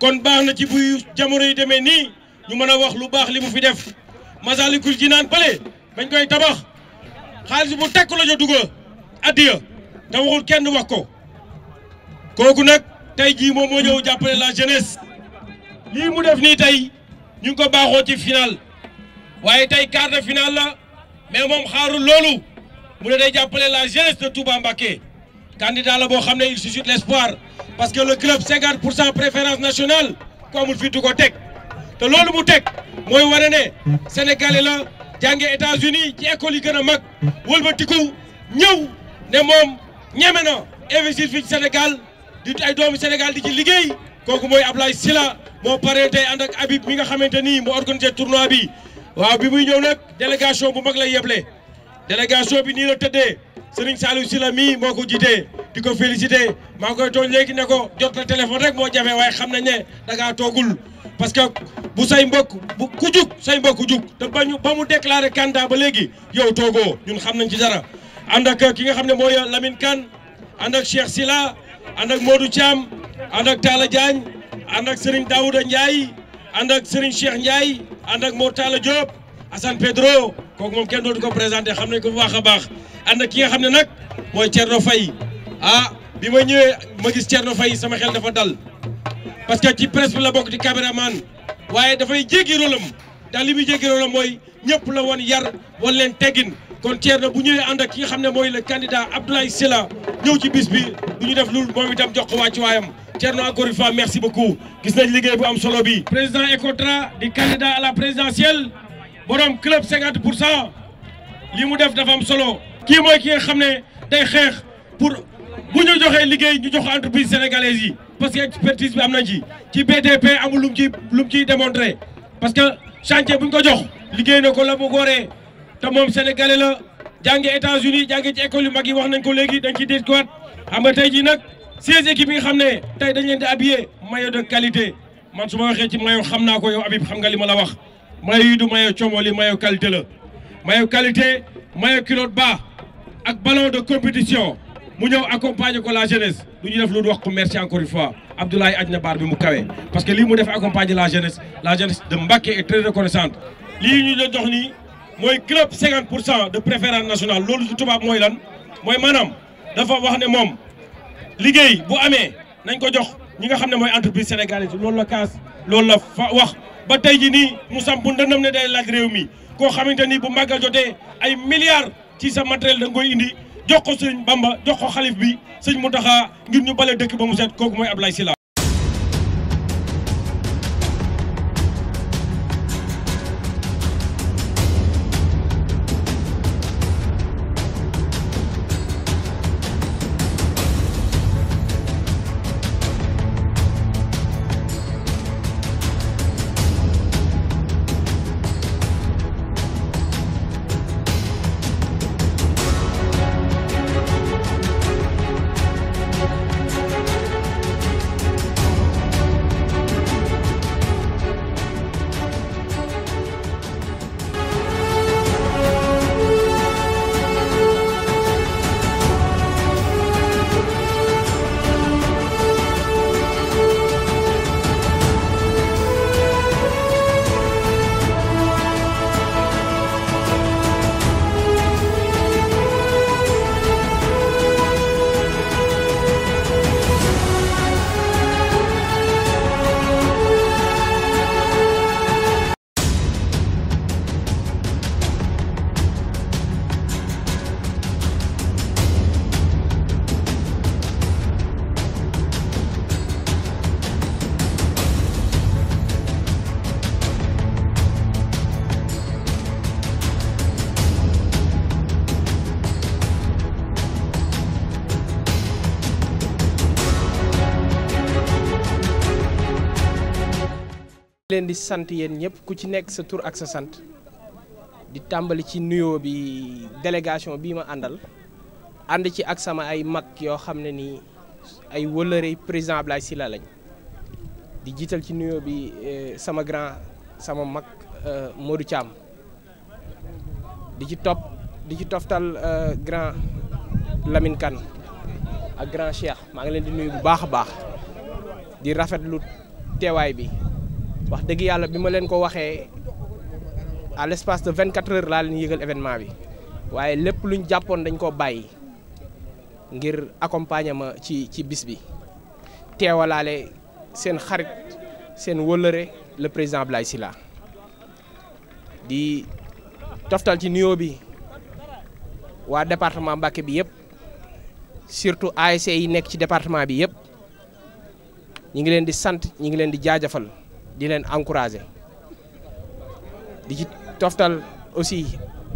kon baax na ci buy jamono yi demee nii ñu mën a wax lu baax li mu fi def Masalikul Jinaan bële bañ koy tabax xaalis bu tekk la ñu dugg addiya te kenn wax ko kooku nag tey jii moom moo ñëw jàppale la jeunesse lii mu def nii tey ñu ngi ko baaxoo ci final waaye tey quart de finale la mais moom xaarul loolu mu ne day jàppale la jeunesse de Touba Mbacké candidat la boo xam ne il suscite l'espoir parce que le club pour cent préférence nationale ku amul fii du ko teg te loolu mu teg mooy wane ne sénégalais États-Unis ci école yi gën a mag wëlbatiku ñëw ne moom ñeme na investir fii Sénégal di ay doomi Sénégal di ci liggéey kooku mooy Ablaye Sylla moo paree tey ànd ak Habib mi nga xamante ni mu organisé tournoi bi waaw bi muy ñëw nag délégation bu mag lay yeble délégation bi nii la tëddee. Serigne Saliou Sylla mi moo ko jiitee di ko félicité maa ngi koy tooñ léegi ne ko jot na téléphone rek moo jafe waaye xam nañ ne da toogul parce que bu say mbokk bu ku say mbokk jug te ba ñu ba mu déclaré kanta ba léegi yow toogoo ñun xam nañ ci dara ànd ki nga xam ne moo Lamine Kane ànd ak sila Sylla ànd ak Modou Thiam ànd ak Talla Diagne ànd ak Serigne Daouda Ndiaye ànd ak Serigne Cheikh Ndiaye Assane Pedro kooku moom kenn dootu ko présenté xam nañ ko bu baax a baax ànd ak ki nga xam ne nag mooy Thierno Faye ah bi ma ñëwee ma gis Thierno Faye sama xel dafa dal parce que ci presse bi la bokk di caméraman waaye dafay jéggi rôlam daal li muy jéggi rôlam mooy ñëpp la woon yar wan leen teggin kon Thierno bu ñëwee ànd ak ki nga xam ne mooy le candidat Abdoulaye Sylla ñëw ci bis bi du ñu def loolu moom itam jox ko wàccu waayam Thierno encore une fois merci beaucoup gis nañ bu am solo bi président Ecotra di candidat à borom club 50 pour cent li mu def dafa am solo. kii mooy ki nga xam ne tey xeex pour bu ñu joxee liggéey ñu jox entreprise sénégalaise yi parce que expertise bi am na ji ci ci BTP amul lu mu ciy lu mu ciy démontré parce que chantier bu ko jox liggéey na ko la mu góoree te moom sénégalais la jàngi États-Unis jàngi ci école yu mag yi wax nañ ko léegi dañ ciy déggooat xam nga tey jii nag. seize équipes yi nga xam ne tey dañ leen di habillé maillot de qualité man su ma ci maillot xam naa ko yow Habib xam nga li ma la wax mayo yi du mayo comoli mayo qualité la mayo qualité mayo culotte bas ak ballon de compétition mu ñëw accompagner ko la jeunesse du ñu def lu wax ko merci encore une fois Abdoulaye aj na baar bi mu kawe parce que lii mu def accompagner la jeunesse la jeunesse de Mbacké est très reconnaissante lii ñu la jox nii mooy club 50 pour cent de préférence nationale loolu du tubaab mooy lan mooy maanaam dafa wax ne moom liggéey bu amee nañ ko jox ñi nga xam ne mooy entreprise sénégalaise loolu la kaas loolu la fa wax ba tey ji nii mu samp sampu ndëndam ne day laaj réew mi koo xamante ni bu màggal jotee ay milliards ci sa matériel da koy indi jox ko sëñ Bamba jox ko xalif bi mu Mountakha ngir ñu bale dëkk ba mu set kooku mooy Abdoulaye Sylla leen di sant yéen ñëpp ku ci nekk sa tur ak sa sant di tàmbali ci nuyoo bi délégation bii ma àndal ànd ci ak sama ay mag yoo xam ne nii ay wëlëre président Ablaye Sylla lañ di jiital ci nuyoo bi eh, sama grand sama mag eh, Modou Thiam di ci topp di ci toftal eh, grand Lamine Kane ak grand Cheikh maa ngi leen di nuyu bu baax a baax di rafetlu teewaay bi wax dëgg yàlla bi ma leen ko waxee à l' espace de 24 heures laa leen yëgal événement bi waaye lépp luñ jàppoon dañ koo bàyyi ngir accompagner ci ci bis bi teewalaale seen xarit seen wëllëre le président Ablaye Sylla di toftal ci nuyoo bi waa département Mbacké bi yëpp surtout ASC yi nekk ci département bi yëpp ñi ngi leen di sant ñi ngi leen di jaajëfal di leen encourager di ci toftal aussi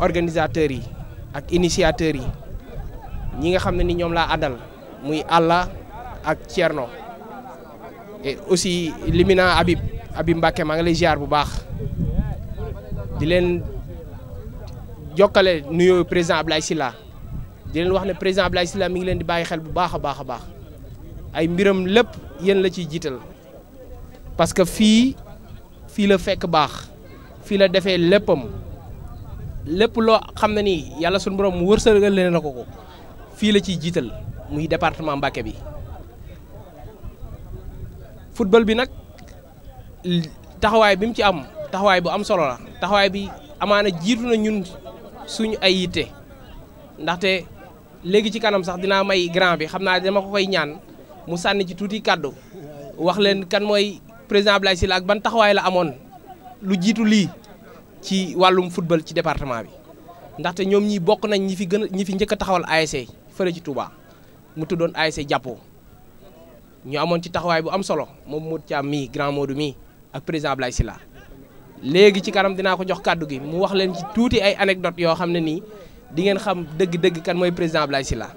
organisateurs yi ak initiateurs yi ñi nga xam ne ni ñoom laa àndal muy Alla ak Thierno aussi Limina Habib Habib Mbacke maa ngi lay ziar bu baax di leen jokkale nuyoo président Ablaye Sylla di leen wax ne président Ablaye Sylla mi ngi leen di bàyyi xel bu baax a baax a baax ay mbiram lépp yéen la ciy jiital. parce que fii fii la fekk baax fii la defee léppam lépp loo xam ne nii yàlla suñu borom wërsëgal leen na ko ko fii la ciy jiital muy département Mbacké bi football bi nag taxawaay bi mu ci am taxawaay bu am solo taxawaay bi amaana jiitu na ñun suñu ay yitte ndaxte léegi ci kanam sax dinaa may grand bi xam naa dama ko koy ñaan mu sànni ci tuuti kàddu wax kan mooy président Abdoulaye Sylla ak ban taxawaay la amoon lu jiitu lii ci wàllum football ci département bi ndaxte ñoom ñi bokk nañ ñi fi gën ñi fi njëkk taxawal ASC fële ci Touba mu tuddoon ASC jàppoo ñu amoon ci taxawaay bu am solo moom Modou Thiam mii grand ak président Abdoulaye Sylla léegi ci kanam dinaa ko jox kàddu gi mu wax leen ci tuuti ay anecdote yoo xam ne nii di ngeen xam dëgg-dëgg kan mooy président Abdoulaye Sylla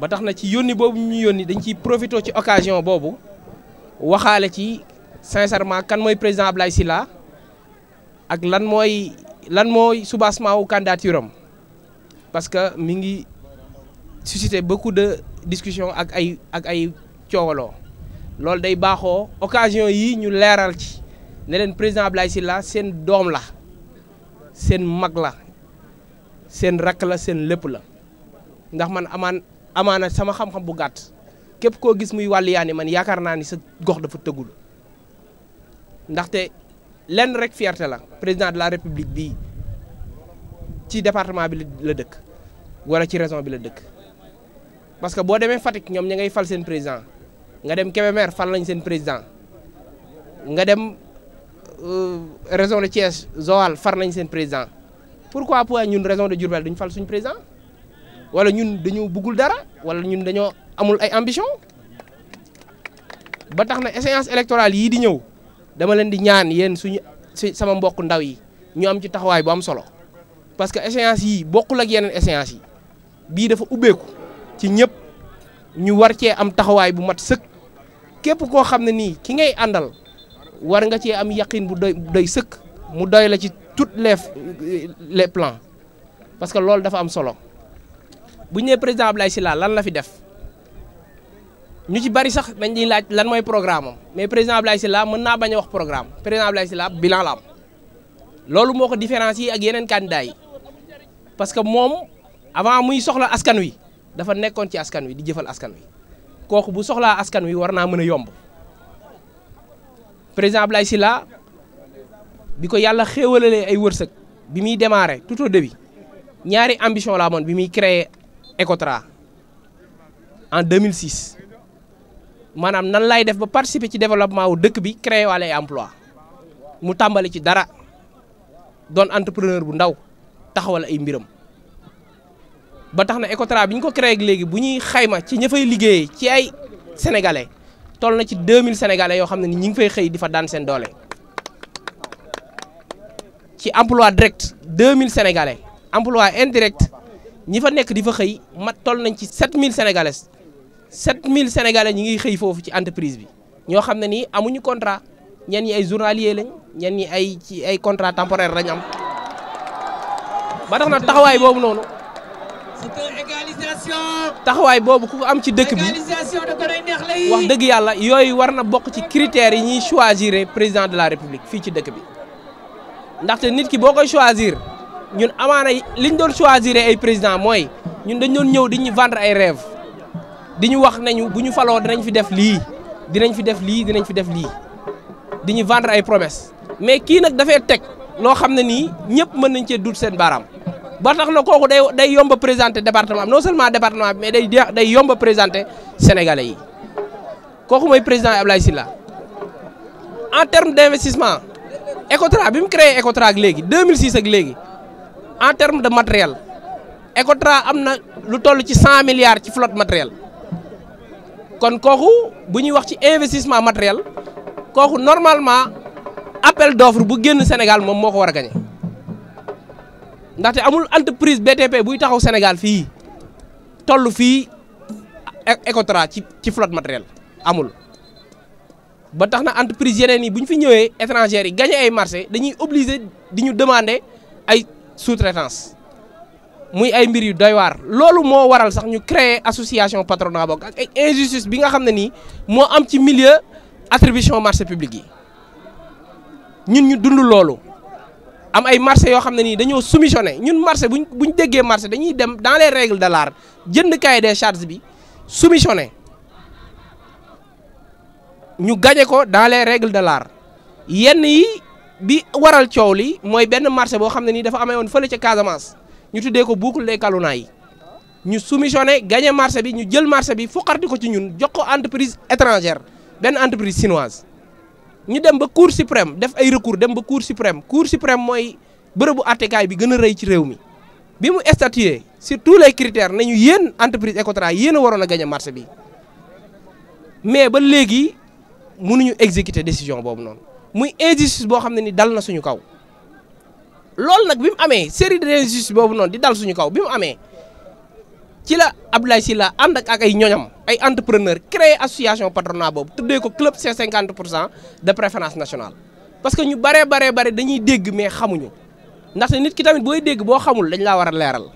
ba tax na ci yónni boobu ñu yónni dañ ciy profité ci occasion boobu waxaale ci sincèrement kan mooy président Ablaye Sylla ak lan mooy lan mooy soubassement wu candidature am parce que mi ngi suscité beaucoup de discussions ak ay ak ay coowaloo loolu day baaxoo occasion yi ñu leeral ci ne leen président si la seen doom la seen mag la seen rakk la seen lépp la ndax man amaan amaana sama xam-xam bu gàtt képp koo gis muy wàllu man yaakaar naa ni sa gox dafa tëggul ndaxte lenn rek fierté la président de la république bii ci département bi la dëkk wala ci région bi la dëkk parce que boo demee Fatick ñoom ña ngay fal seen président nga dem Kébémer fal lañ seen président nga dem euh, région de Thiès Joal far nañ seen président pour pourquoi pas ñun région de Diourbel duñ fal suñ président wala ñun dañoo bëggul dara wala ñun dañoo amul ay ambition ba tax na échéance électorale yii di ñëw dama leen di ñaan yéen suñu si sama mbokk ndaw yi ñu am ci taxawaay bu am solo parce que échéance yii bokkul ak yeneen échéance yi bii dafa ubbeeku ci ñëpp ñu war cee am taxawaay bu mat sëkk képp koo xam ne nii ki ngay àndal war nga cee am yaqin bu doy doy sëkk mu doy la ci toutes les les plan parce que loolu dafa am solo bu ñu nee président Abdoulaye Sylla lan la fi def. ñu ci bari sax dañ di laaj lan mooy programme am mais président Abdoulaye Sylla mën naa bañ a wax programme président Abdoulaye Sylla bilan la loolu moo ko différencier ak yeneen candidats daay parce que moom avant muy soxla askan wi dafa nekkoon ci askan wi di jëfal askan wi kooku bu soxlaa askan wi war naa mën a yomb président Abdoulaye Sylla bi ko yàlla xéewalalee ay wërsëg bi muy démarré tout au ñaari ambition laa amoon bi muy créé Ecotra en 2006 maanaam nan lay def ba participer ci développement wu dëkk bi créer wàllu emploi mu tàmbali ci dara doon entrepreneur bu ndaw taxawal ay mbiram ba tax na Ecotra bi ñu ko créé ak léegi bu ñuy xayma ci ña fay liggéeyee ci ay sénégalais toll na ci 2000 sénégalais yoo xam ne ni ñi ngi fay xëy di fa daan seen doole ci emploi direct 2000 sénégalais emploi indirect ñi fa nekk di fa xëy mat toll nañ ci mille sénégalais. 7000 sénégalais ñi ngi xëy foofu ci entreprise bi ñoo xam ne nii amuñu contrat ñen ay journalier lañ ñen ñi ay ci ay contrat temporaire lañ am ba tax na taxawaay boobu noonu. taxawaay boobu ku am ci dëkk bi wax dëgg yàlla yooyu war na bokk ci critères yi ñuy choisir président de la république fii ci dëkk bi ndaxte nit ki boo koy choisir ñun amaana liñ doon choisir ay président mooy ñun dañ doon ñëw di ñu vendre ay rêve di ñu wax nañu bu ñu faloo dinañ fi def lii dinañ fi def lii dinañ fi def lii di ñu vendre ay promesses mais kii nag dafay teg loo xam ne nii ñëpp mën nañ cee dut seen baaraam ba tax na kooku day day yomba présenté département non seulement département bi mais day day yomba présenté sénégalais yi kooku mooy président Ablaye Sylla en terme d' investissement Ecotra bi mu créé Ecotra ak léegi 2006 ak léegi en terme de matériel Ecotra am na lu toll ci 100 milliards ci flotte matériel kon kooku bu ñuy wax ci investissement matériel kooku normalement appel d'offre bu génn Sénégal moom moo ko war a gañe ndaxte amul entreprise BTP buy taxaw Sénégal fii toll fii Ecotra ci ci flotte matériel amul ba tax na entreprise yeneen yi bu ñu fi ñëwee étrangères yi gagné ay marché dañuy obligé di ñu demander ay sous muy ay mbir yu doy waar loolu moo waral sax ñu créer association patronat book ak ay injustice bi nga xam ne nii moo am ci milieu attribution marché public yi ñun ñu dund loolu am ay marché yoo xam ne nii dañoo soumissionné ñun marché bu buñ déggee marché dañuy dem dans les règles de l'art jënd cahier des charge bi soumissionné ñu gañe ko dans les règles de laar yenn yi bi waral coow li mooy benn marché boo xam ne nii dafa amee woon fële ca Casamance. ñu tuddee ko boucle des Kalounaay yi ñu soumissionné gagné marché bi ñu jël marché bi foqarti ko ci ñun jox ko entreprise étrangère benn entreprise chinoise ñu dem ba cour suprême def ay recours dem ba cour suprême cour suprême mooy bërëbu àttekaay bi gën a rëy ci réew mi bi mu statué surtout tous les critères nañu yéen entreprise Ecotra yéen a waroon a gagné marché bi mais ba léegi mënuñu exécuter décision boobu noonu muy injustice boo xam ne ni dal na suñu kaw loolu nag bi mu amee série d'injustices boobu noonu di dal suñu kaw bi mu amee ci la ab Abdoulaye Sylla ànd ak ay ñoñam ay entrepreneur créé association patronat boobu tuddee ko club C50 pour cent de préférence nationale. parce que ñu baree baree bare dañuy dégg mais xamuñu ndaxte nit ki tamit booy dégg boo xamul dañ laa war a leeral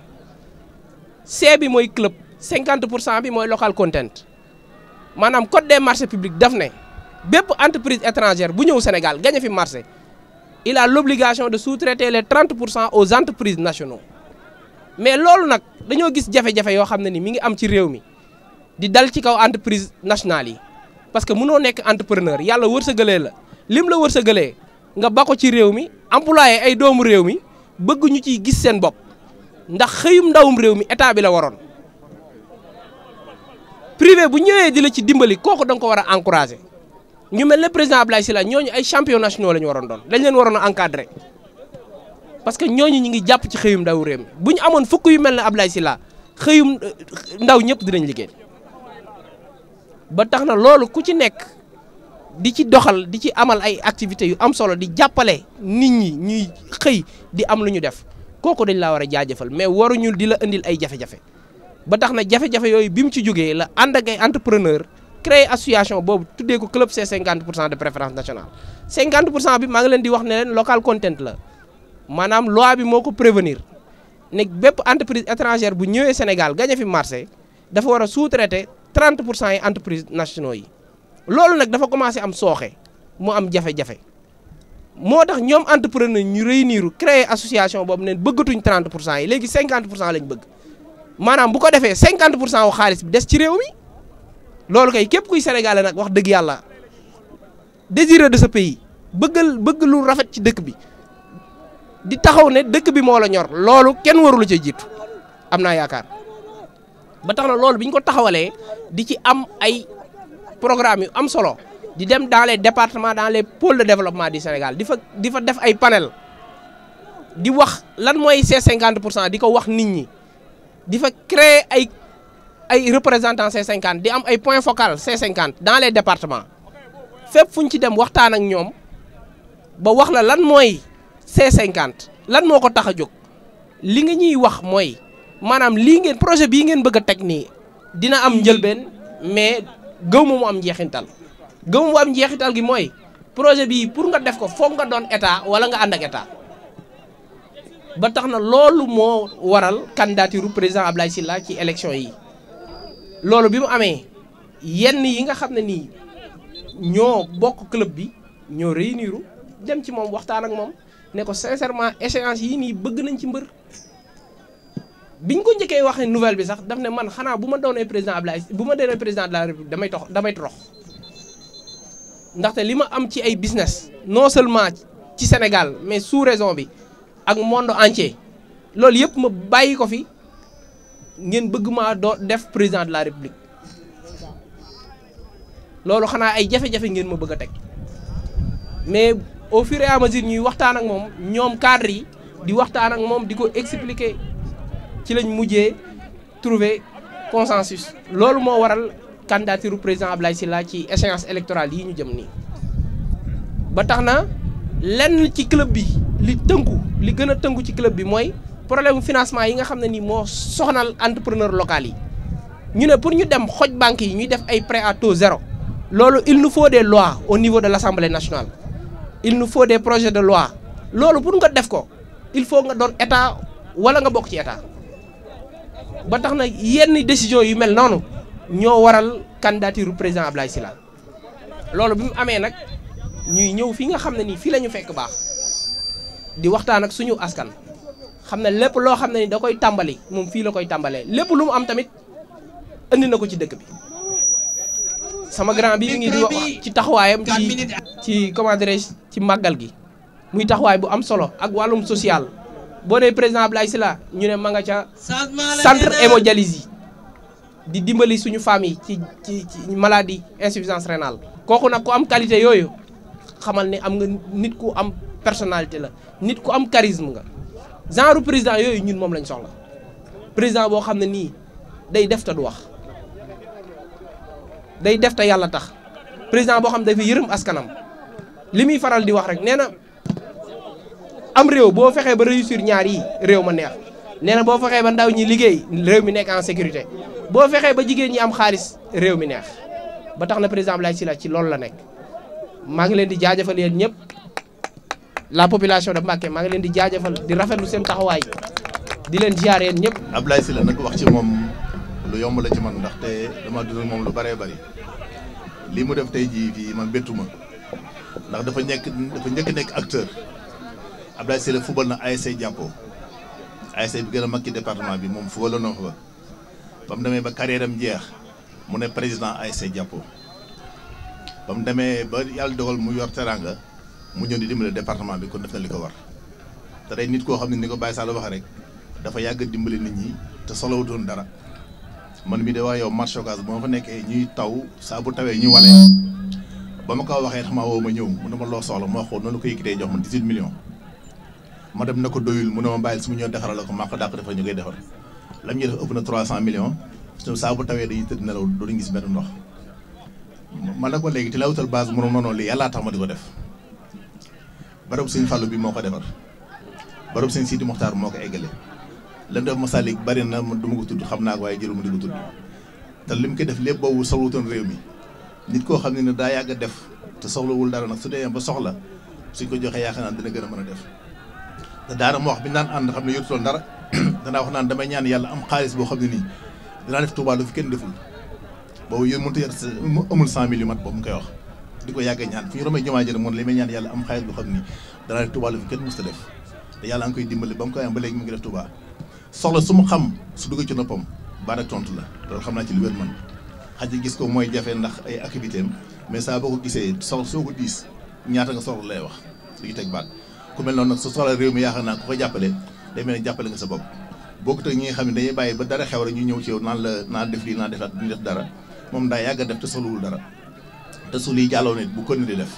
C bi mooy club 50 pour cent bi mooy local content maanaam code des marchés publics daf ne bépp entreprise étrangère bu ñëw Sénégal gañe fi marché. il a l'obligation de sous-traiter les 30 pour cent aux entreprises nationaux mais loolu nag dañoo gis jafejafe yoo xam ne ni mi ngi am ci réew mi di dal ci kaw entreprise nationale yi parce que mënoo nekk entrepreneur yàlla wërsëgalee la lim la wërsëgalee nga bakko ci réew mi employé ay doomu réew mi bëgguñu ci gis seen bopp ndax xëyum ndawum réew mi état bi la waroon privé bu ñëwee di la ci dimbali kooku da nga ko war a encourager ñu mel ne président Abdoulaye Sylla ñooñu ay champion nationaux la ñu waroon doon dañ leen waroon a parce que ñooñu ñu ngi jàpp ci xëyum ndaw réew mi bu ñu amoon fukk yu mel ne Abdoulaye Sylla xëyum euh, ndaw ñëpp dinañ liggéey ba tax na loolu ku ci nekk di ci doxal di ci amal ay activités yu am solo di jàppale nit ñi ñuy xëy di am lu ñu def kooku dañ laa war a jaajëfal mais waruñu di la indil ay jafe-jafe ba tax na jafe-jafe yooyu bi mu ci jógee la ànd ay entrepreneur créé association boobu tuddee ko club c'est 50 pour cent de préférence nationale 50 pour cent bi maa ngi leen di wax ne local content la maanaam loi bi moo ko prévenir ne bépp entreprise étrangère bu ñëwee Sénégal gañe fi marché dafa war a sous-traiter 30 pour cent yi entreprise nationaux yi loolu nag dafa commencé am sooxe mu am jafe-jafe moo tax ñoom entrepreneur ñu réunir créer association boobu ne bëggatuñ 30 pour cent yi léegi 50 pour cent lañ bëgg maanaam bu ko defee 50 pour cent wu xaalis bi des ci réew mi. loolu kay képp kuy sénégalais nag wax dëgg yàlla désiré de ce pays bëggal bëgg lu rafet ci dëkk bi di taxaw ne dëkk bi moo la ñor loolu kenn warula ca jiitu am naa yaakaar ba tax na loolu bi ñu ko taxawalee di ci am ay programme yu am solo di dem daale les départements dans les pôles de développement du Sénégal di fa di fa def ay panel di wax lan mooy ces cinquante pour cent di ko wax nit ñi di fa créer ay ay représentants C50 di am ay point focaux C50 dans les départements fépp fu ñu ci dem waxtaan ak ñoom ba wax na lan mooy C50 lan moo ko tax a jóg li nga ñuy wax mooy maanaam lii ngeen projet bii ngeen bëgg a teg nii dina am njëlbeen mais gëw ma mu am njeexintal gëw mu am njeexintal gi mooy projet bii pour nga def ko foog nga doon état wala nga ànd ak état. ba tax na loolu moo waral candidature président Ablaye Sylla ci élection yi loolu bi mu amee yenn yi nga xam ne nii ñoo bokk club bi ñoo réunir dem ci moom waxtaan ak moom ne ko sincèrement échéance yi nii bëgg nañ ci mbër biñ ko njëkkee waxee nouvelle bi sax daf ne man xanaa bu ma doonee président Ablaye bu ma doonee président de la république damay tox damay torox ndaxte li ma am ci ay business non seulement ci Sénégal mais sous raison bi ak monde entier loolu yëpp ma bàyyi ko fi ngeen bëgg maa doo def président de la république loolu xanaa ay jafe-jafe ngeen ma bëgg a teg mais au fur et ñuy waxtaan ak moom ñoom cadre yi di waxtaan ak moom di ko expliquer ci lañ mujjee trouver consensus. loolu moo waral candidature président Ablaye Sylla ci échéance électorale yi ñu jëm nii ba tax na lenn ci club bi li tënku li gën a tënku ci club bi mooy. problème financement yi nga xam ne nii moo soxnal entrepreneur locale yi ñu ne pour ñu dem xoj banque yi ñuy def ay prêt à taux zéro loolu il nous faut des lois au niveau de l'Assemblée nationale il nous faut des projet de loi loolu pour nga def ko il faut nga doon état wala nga bokk ci état ba tax na yenn décision yu mel noonu ñoo waral candidature président Ablaye Sylla loolu bi mu amee nag ñuy ñëw fi nga xam ne nii fii la ñu fekk baax di waxtaan ak suñu askan xam ne lépp loo xam ne ni da koy tàmbali moom fii la koy tàmbalee lépp lu mu am tamit indi na ko ci dëkk bi sama grand bi mi ngi di wax ci taxawaayam ci ci comment dirais ci màggal gi muy taxawaay bu am solo ak wàllum social boo nee président Abdoulaye Sylla ñu ne ma nga ca centre hémodialyse yi di dimbali suñu famille ci ci ci maladie insuffisance rénale kooku nag ku am qualité yooyu xamal ni am nga nit ku am personnalité la nit ku am charisme nga genre président yooyu ñun moom lañ soxla président boo xam ne nii day def te du wax day def te yàlla tax président boo xam ne dafa yërëm askanam li muy faral di wax rek nee na am réew boo fexee ba réussir ñaar yi réew ma neex nee na boo fexee ba ndaw ñi liggéey réew mi nekk en sécurité boo fexee ba jigéen ñi am xaalis réew mi neex ba tax na président Abdoulaye Sylla ci loolu la nekk maa ngi leen di jaajëfal yéen ñëpp. la population de Mbacké maa ngi leen di jaajëfal di rafet lu seen taxawaay di leen ziare yéen ñëpp. Abdoulaye Sylla nag wax ci moom lu yomb la ci man te dama dund moom lu bëree bëri mu def tey jii fii man bettu ndax dafa nekk dafa njëkk nekk acteur Abdoulaye Sylla fubal na ASC jàppoo ASC bi gën a mag ci département bi moom fubaloon na fa ba mu demee ba carrière am jeex mu ne président ASC jàppoo ba mu demee ba yàlla dogal mu yor teranga mu ñëw di dimbale département bi kon def na li ko war te day nit koo xam ne ni ko Baye Sall waxee rek dafa yàgg dimbali nit ñi te solowutoon dara man mi de waa yow marché Ocass bu ma fa nekkee ñuy taw saa bu tawee ñu walee ba ko waxee xamaa woo ma ñëw mu ne ma loo soxla ma wax ko noonu ko yëkkatee jox ma 18 millions dem na ko doyul mu ne ma bàyyil su mu ñëw defaral ko maa ko dàq defal ñu koy defar lam ñuy def ëpp na 300 millions su saa bu tawee dañuy tëdd nelaw dootuñu gis benn ndox man na ko léegi te laa wutal base mu ne ma noonu lii yàllaa tax ma di ko def barab sëñ Fallou bi moo ko defar barab sëñ Sidi Mokhtar moo ko eggale lam def Masalik bari na ma ko tudd xam naa ko waaye jëluma di ko tudd te li mu ko def lépp boobu soxlawutoon réew mi nit koo xam ne ne daa yàgg a def te soxlawul dara nag su dee ba soxla suñ ko joxee yaa naa dina gën a mën a def te daana ma wax bi naan ànd xam ne yorutoon dara danaa wax naan damay ñaan yàlla am xaalis boo xam ne nii dinaa def Touba fi kenn deful boobu yéen mënut a yar amul 100 koy wax. di ko yàgg ñaan fu ñu romee jumaa ji moom li may ñaan yàlla am xaalis boo xam ni danaa ne Touba la fi kenn mës def te yàlla nga koy dimbali ba mu koy am mu ngi def Touba soxla su mu xam su dugg ci noppam baat ak tontu la loolu xam naa ci lu wér man xaj gis ko mooy jafe ndax ay activité am mais saa boo ko gisee soxla soo ko diis ñaata nga soxla lay wax su ñu teg baat ku mel noonu nag su soxla réew mi yaakaar naa ku ko jàppale day mel ne jàppale nga sa bopp bokkut ak ñi nga xam ne dañuy bàyyi ba dara xew ñu ñëw ci yow naan la naan def lii naan defaat duñu def dara moom daa yàgg def te soxlawul dara te su lii jàlloo nit bu ko nit di def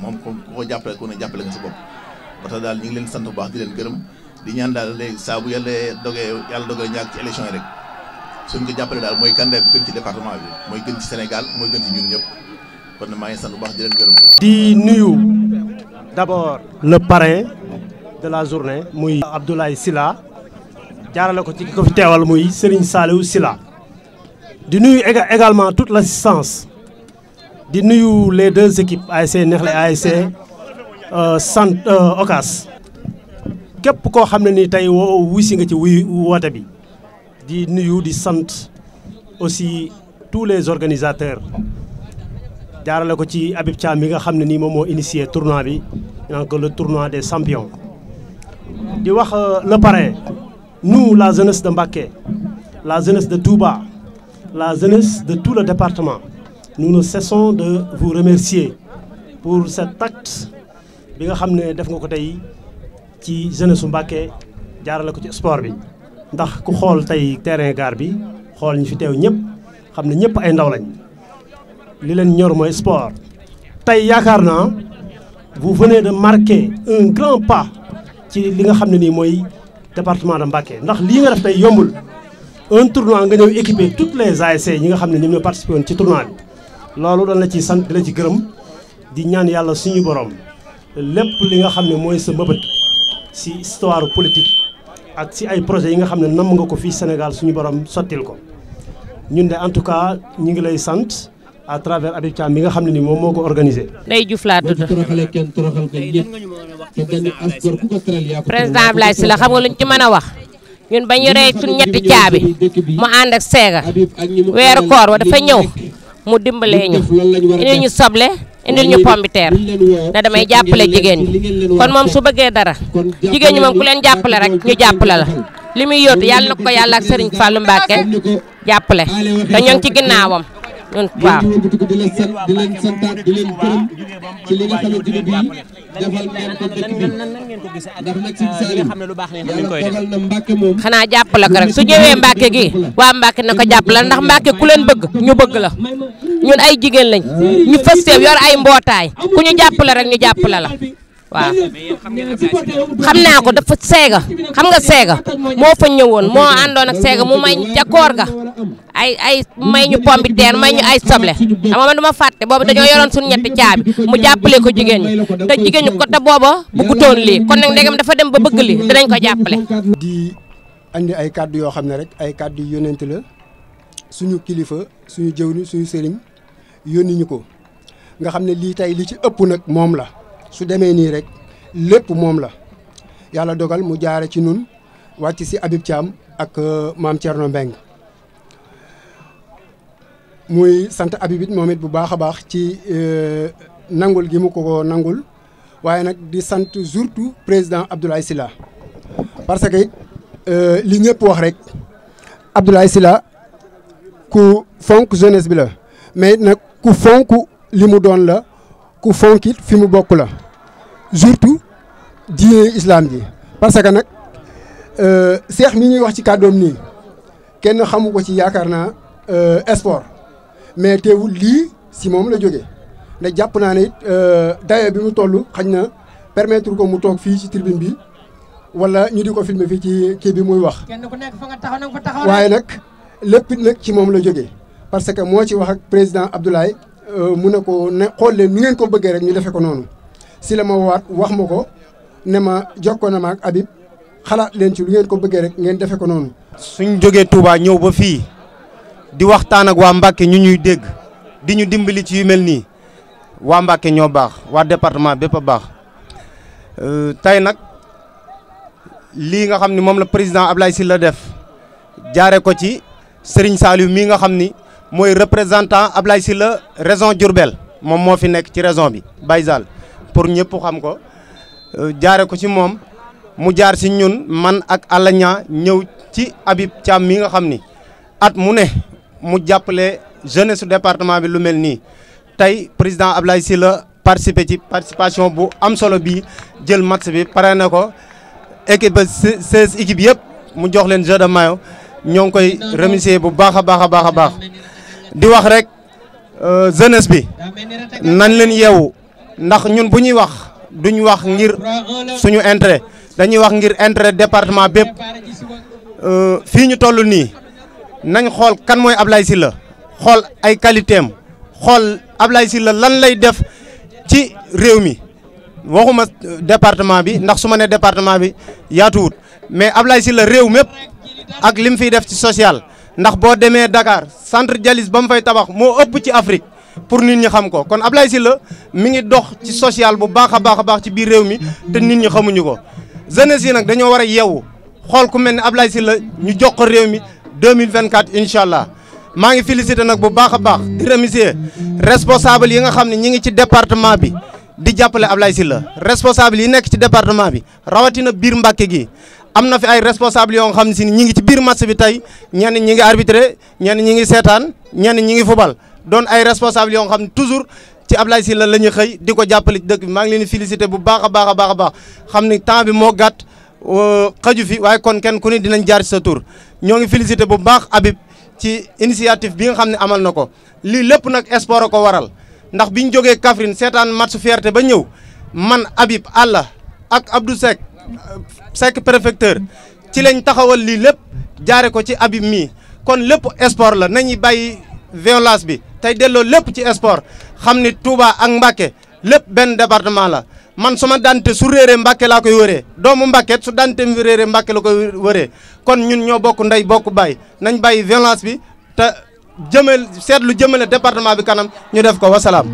moom kon ku ko jàppale ku ne jàppale nga sa bopp ba daal ñu ngi leen sant bu baax di leen gërëm di ñaan daal léegi saa bu yàlla dogee yàlla dogee ñaak ci élection yi rek suñ ko jàppale daal mooy candidat bu gën ci département bi mooy gën ci Sénégal mooy gën ci ñun ñëpp kon maa ngi sant bu baax di leen gërëm. di nuyu d'abord le parrain de la journée muy Abdoulaye Sylla jaarale ko ci ki ko fi teewal muy Serigne Saliou Sylla di nuyu également toute l'assistance di nuyu les deux équipes ASC Neexle ASC euh, sant euh, Ocas képp koo xam ne ni tey wuy si nga ci wuy woote bi di nuyu di sant aussi tous les organisateurs jaarale ko ci Habib Thiam mi nga xam ne nii moom moo initié tournoi bi donc le tournoi des champions di wax euh, le parrain nous la jeunesse de Mbacké la jeunesse de Touba la jeunesse de tous le département nous ne cessons de vous remercier pour cet acte bi nga xam ne def nga ko tey ci jeunesse su Mbacké jaarale ko ci sport bi. ndax ku xool tey terrain gaar bi xool ñi fi teew ñëpp xam ne ñëpp ay ndaw lañ li leen ñor mooy sport. tey yaakaar naa vous venez de marquer un grand pas ci li nga xam ne nii mooy département de Mbacké ndax lii nga def tey yombul. un tournoi nga ñëw équiper toutes les ASC ñi nga xam ne ñoom ñoo participé ci tournoi bi. loolu dañ la ci sant di la ci gërëm di ñaan yàlla suñu borom lépp li nga xam ne mooy sa mbëbët si histoire politique ak si ay projets yi nga xam ne namm nga ko fii Sénégal suñu borom sottil ko ñun de en tout cas ñu ngi lay sant à travers Habib Thiam bi nga xam ne nii moom moo ko organisé. Ndeye Diouf laa tudd. président Abdoulaye Sylla xam nga luñ ci mën a wax. ñun ba ñu rey suñ ñetti caabi mu ànd ak seega weeru koor wa dafa ñëw. mu dimbale ñu indil ñu soble indil ñu pombiteer da damay jàppale jigéen ñi kon moom su bëggee dara jigéen ñi moom ku leen jàppale rek ñu jàppale la li muy yóotu yàlla na ko yàlla ak Serigne Fallou Mbacke jàppale te ñoo ngi ci ginnaawam. waaw waaw ñu ngi di li nga xamante ne bii defal ngeen xanaa jàppale ko rek su ñëwee Mbàkke gi waa Mbàkke na ko jàppale ndax Mbàkke ku leen bëgg ñu bëgg la ñun ay jigéen la ñu fas teew yor ay mbootaay ku ñu jàppale rek ñu jàppale la. waaw xam naa ko dafa seega xam nga seega moo fa ñëwoon moo àndoon ak seega mu may ca ga ay ay may ñu pombiteer may ñu ay soble xam man du ma fàtte boobu dañoo yoroon suñu ñetti caabi mu jàppale ko jigéen ñi te jigéen ñi ko te booba bëggutoon lii kon nag ndegam dafa dem ba bëgg li dinañ ko jàppale. di andi ay kàddu yoo xam ne rek ay kàddu yónent la suñu kilifa suñu jëw jëwni suñu sëriñ yónni ñu ko nga xam ne lii tey li ci ëpp nag moom la su demee nii rek lépp moom la yàlla dogal mu jaare ci nun wàcc si Habib Thiam ak euh, maam Thierno Mbengue muy sant Habib it moom it bu baax a baax ci euh, nangul gi mu ko nangul waaye nag di sant surtout président Abdoulaye Sylla parce que it euh, li ñëpp wax rek Abdoulaye Sylla ku fonk jeunesse bi la mais it nag ku fonk li mu doon la ku fonk fi mu bokk la surtout diine islam ji parce que nag seex euh, ni ñuy wax ci kàddoom nii kenn xamu ko ci yaakaar naa sport mais teewul lii si moom la jóge ne jàpp naa ne it euh, dayo bi mu toll xañ na permettre ko mu toog fii ci tribune bi wala ñu di ko filmer fii ci kii bi muy wax. kenn ku nekk fa nga taxaw na fa taxaw waaye nag lépp nag ci moom la jóge parce que moo ci wax ak président Abdoulaye euh, mu ne ko ne xool leen nu ngeen ko bëggee rek ñu defee ko noonu si la ma waat wax ma ko ne ma jokkoo na ma ak Habib xalaat leen ci lu ngeen ko bëggee rek ngeen defee ko noonu. suñ jógee Touba ñëw ba fii. di waxtaan ak waa Mbacke ñu ñuy dégg di ñu dimbali ci yu mel nii waa Mbacke ñoo baax waa département bépp a baax euh, tey nag lii nga xam ni moom la président Ablaye Sylla def jaare ko ci sëriñ Saliou mii nga xam ni mooy représentant Ablaye Sylla région Diourbel moom moo fi nekk ci région bi Baye Sall pour ñëpp xam ko euh, jaare ko ci moom mu jaar si ñun man ak Alaña ñëw ci Habib Thiam mi nga xam ni at mu ne mu jàppale jeunesse su département bi lu mel nii tey président Ablaye Sylla participer ci participation bu am solo bi jël match bi pare na ko équipe seize équipe yëpp mu jox leen jeu de ñoo ngi koy remercier bu baax a baax a baax a baax di wax rek euh, jeunesse bi nan leen yeewu ndax ñun bu ñuy wax duñ wax ngir suñu intérêt dañuy wax ngir intérêt département bépp euh, fii ñu toll nii nañ xool kan mooy Ablaye Sylla xool ay qualité am xool Ablaye Sylla lan lay def ci réew mi waxuma département bi ndax su ma nee département bi yaatuwut mais Ablaye Sylla réew mépp ak lim fiy def ci social ndax boo demee Dakar centre dialyse ba mu fay tabax moo ëpp ci Afrique pour nit ñi xam ko kon Ablaye Sylla mi ngi dox ci social bu baax a baax a baax ci biir réew mi te nit ñi xamuñu ko jeunesse nag dañoo war a yeewu xool ku ne Ablaye Sylla ñu jox réew mi 2024 incha allah maa ngi félicité nag bu baax a baax di remercier responsable yi nga xam ne ñi ngi ci département bi di jàppale Ablaye la responsable yi nekk ci département bi rawatina biir Mbàkke gi am na fi ay responsable yoo xam ne si ni ñi ngi ci biir match bi tey ñenn ñi ngi arbitré ñenn ñi ngi seetaan ñenn ñi ngi fubal doon ay responsable yoo xam ne toujours ci Ablaye Sylla la ñuy xëy di ko jàppale ci dëkk bi maa ngi leen di félicité bu baax a baax a baax a xam ni temps bi moo gàtt. xaju fi waaye kon kenn ku ne dinañ jaar ci sa tur ñoo ngi félicité bu baax abib ci initiative bi nga xam ne amal na ko lii lépp nag sport a ko waral ndax biñ jógee Kaffrine seetaan match fierté ba ñëw man Habib Alla ak Abdou Seck Seck ci lañ taxawal lii lépp jaare ko ci Habib mii kon lépp sport la nañuy bay violence bi tey delloo lépp ci sport xam ni Touba ak Mbacké lépp benn département la man sama dantee su réeree mbàkke laa koy wëree doomu mbàkket su dante mi réeree mbàkke la koy wëree kon ñun ñoo bokk ndey bokk bàyyi nañ bàyyi violence bi te jëmal seetlu jëmale département bi kanam ñu def ko wasalaam